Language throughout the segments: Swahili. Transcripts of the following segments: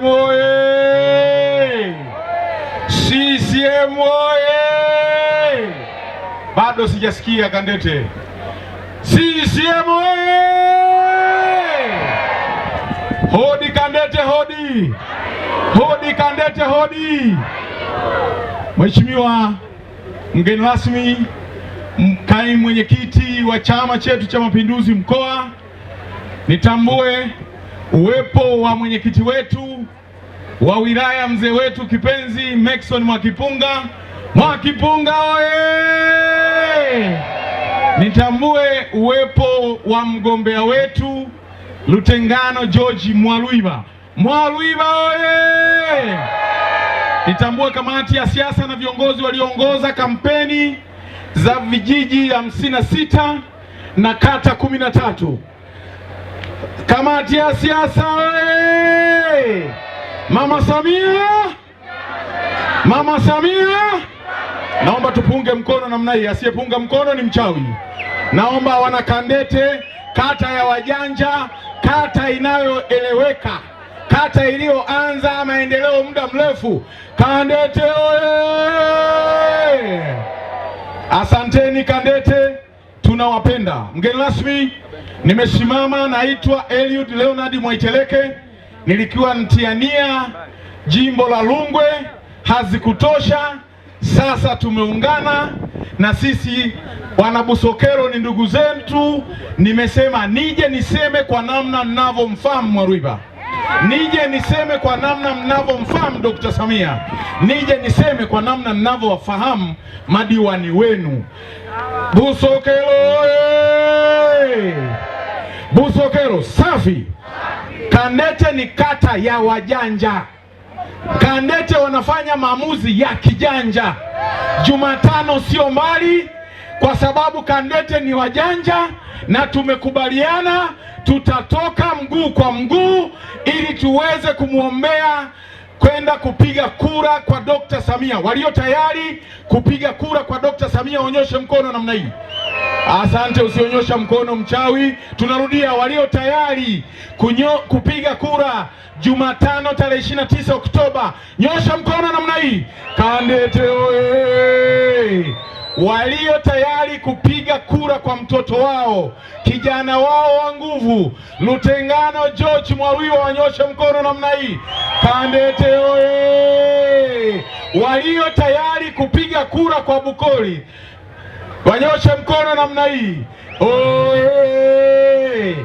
CCM oye! CCM oye! Bado sijasikia Kandete. CCM oye! Hodi Kandete, hodi! Hodi Kandete, hodi! Mheshimiwa mgeni rasmi, kaimu mwenyekiti wa chama chetu cha Mapinduzi mkoa, nitambue uwepo wa mwenyekiti wetu wa wilaya mzee wetu kipenzi Maxon Mwakipunga. Mwakipunga oye! Nitambue uwepo wa mgombea wetu Lutengano George Mwaluiba. Mwaluiba oye! Nitambue kamati ya siasa na viongozi walioongoza kampeni za vijiji hamsini na sita na kata kumi na tatu. Kamati ya siasa oye! Mama Samia, Mama Samia. Naomba tupunge mkono namna hii, asiyepunga mkono ni mchawi. Naomba Wanakandete, kata ya wajanja, kata inayoeleweka, kata iliyoanza maendeleo muda mrefu. Kandete oye! Asanteni Kandete, tunawapenda. Mgeni rasmi, nimesimama naitwa Eliud Leonard Mwaiteleke nilikuwa mtiania jimbo la lungwe hazikutosha. Sasa tumeungana na sisi Wanabusokero ni ndugu zetu. Nimesema nije niseme kwa namna mnavyomfahamu Mwaruiba, nije niseme kwa namna mnavyomfahamu Dr. Samia, nije niseme kwa namna mnavyowafahamu madiwani wenu Busokero. Busokero safi. Kandete ni kata ya wajanja. Kandete wanafanya maamuzi ya kijanja. Jumatano sio mbali, kwa sababu Kandete ni wajanja na tumekubaliana tutatoka mguu kwa mguu ili tuweze kumwombea kwenda kupiga kura kwa Dr. Samia. Walio tayari kupiga kura kwa Dr. Samia waonyeshe mkono namna hii. Asante, usionyosha mkono mchawi. Tunarudia, walio tayari kunyo, kupiga kura Jumatano tarehe 29 Oktoba, nyosha mkono namna hii. Kandete oye! Walio tayari kupiga kura kwa mtoto wao, kijana wao wa nguvu, Lutengano George Mwawiwa, wanyoshe mkono namna hii. Kandete oye! Walio tayari kupiga kura kwa Bukoli wanyoshe mkono namna hii. Oe,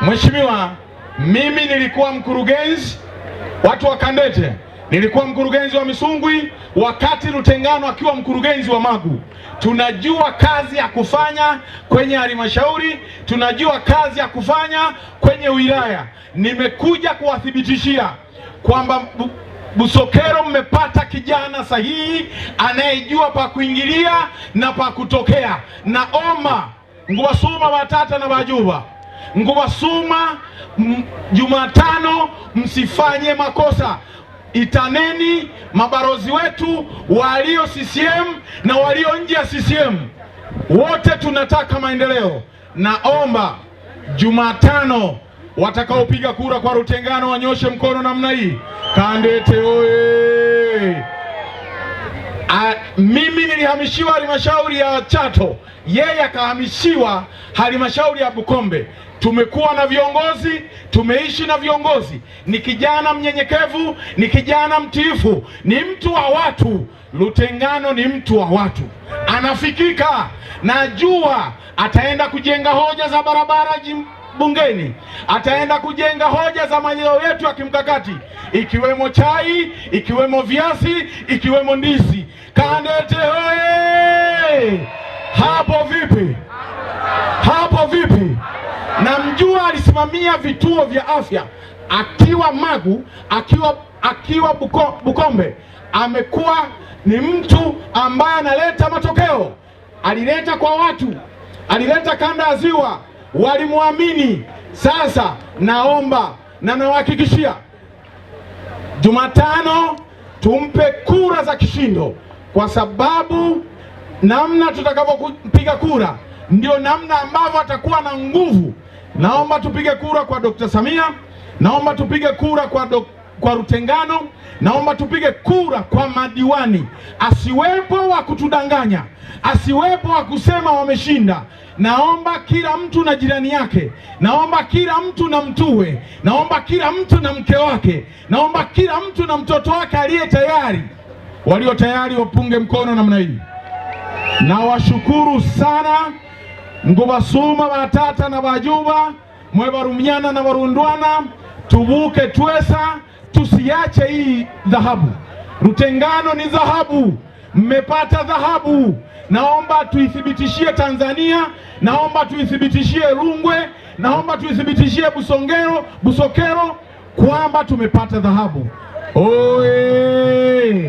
mheshimiwa, mimi nilikuwa mkurugenzi watu wa Kandete, nilikuwa mkurugenzi wa Misungwi wakati Lutengano akiwa mkurugenzi wa Magu. Tunajua kazi ya kufanya kwenye halmashauri, tunajua kazi ya kufanya kwenye wilaya. Nimekuja kuwathibitishia kwamba Busokero mmepata kijana sahihi anayejua pa kuingilia na pa kutokea. Naomba nguwasuma watata na wajuba nguwasuma Jumatano, msifanye makosa. Itaneni mabarozi wetu walio CCM na walio nje ya CCM, wote tunataka maendeleo. Naomba Jumatano Watakaopiga kura kwa Rutengano wanyoshe mkono namna hii. Kandete oye! A, mimi nilihamishiwa halmashauri ya Chato, yeye akahamishiwa halmashauri ya Bukombe. Tumekuwa na viongozi, tumeishi na viongozi. Ni kijana mnyenyekevu, ni kijana mtiifu, ni mtu wa watu. Rutengano ni mtu wa watu, anafikika. Najua ataenda kujenga hoja za barabara bungeni, ataenda kujenga hoja za maeneo yetu ya kimkakati, ikiwemo chai, ikiwemo viazi, ikiwemo ndizi. Kandete hoye! Hapo vipi? Hapo vipi? Na mjua alisimamia vituo vya afya akiwa Magu, akiwa akiwa Buko, Bukombe. Amekuwa ni mtu ambaye analeta matokeo, alileta kwa watu alileta kanda ya ziwa, walimwamini. Sasa naomba na nawahakikishia, Jumatano tumpe kura za kishindo, kwa sababu namna tutakavyopiga kura ndio namna ambavyo atakuwa na nguvu. Naomba tupige kura kwa Dr. Samia, naomba tupige kura kwa Dr kwa Rutengano, naomba tupige kura kwa madiwani, asiwepo wa kutudanganya, asiwepo wa kusema wameshinda. Naomba kila mtu na jirani yake, naomba kila mtu na mtuwe, naomba kila mtu na mke wake, naomba kila mtu na mtoto wake aliye tayari. Walio tayari wapunge mkono namna hii. Nawashukuru sana Ngubasuma, watata na mwe barumyana na Warundwana tuvuke Twesa, tusiache hii dhahabu. Rutengano ni dhahabu, mmepata dhahabu. Naomba tuithibitishie Tanzania, naomba tuithibitishie Rungwe, naomba tuithibitishie Busongero, Busokero kwamba tumepata dhahabu. Oye!